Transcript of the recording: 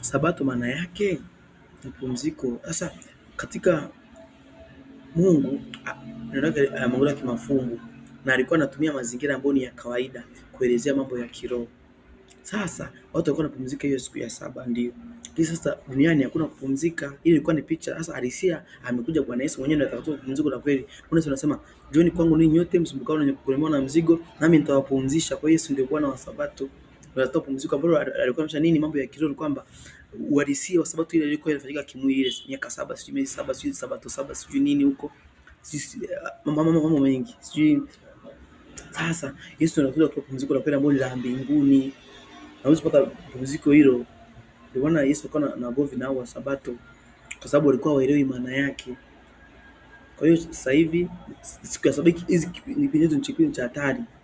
Sabato maana yake mapumziko. Sasa katika Mungu anaongelea kimafungu, na alikuwa anatumia mazingira ambayo ni ya kawaida kuelezea mambo ya kiroho. Sasa watu walikuwa wanapumzika hiyo siku ya saba, ndio lakini sasa duniani hakuna kupumzika. Ile ilikuwa ni picha, sasa alisia amekuja Bwana Yesu mwenyewe ndiye atakatoa pumziko la kweli. Yesu anasema njooni kwangu ninyi nyote msumbukao na kulemewa na mzigo, nami nitawapumzisha. Kwa hiyo Yesu ndio Bwana wa Sabato unatoa pumziko ambalo alikuwa anamaanisha nini? Mambo ya kiroho kwamba uhalisia wa sabato ile ilikuwa inafanyika kimwili, ile miaka saba sijui miezi saba sijui sabato saba sijui nini huko, sisi ah, mambo mengi sijui. Sasa Yesu anakuja kutoa pumziko la kwenda mbele la mbinguni, na Yesu paka pumziko hilo, ndio maana Yesu alikuwa na na govi na wa sabato, kwa sababu walikuwa waelewi maana yake. Kwa hiyo sasa hivi siku ya sabato hizi kipindi chetu ni kipindi cha hatari.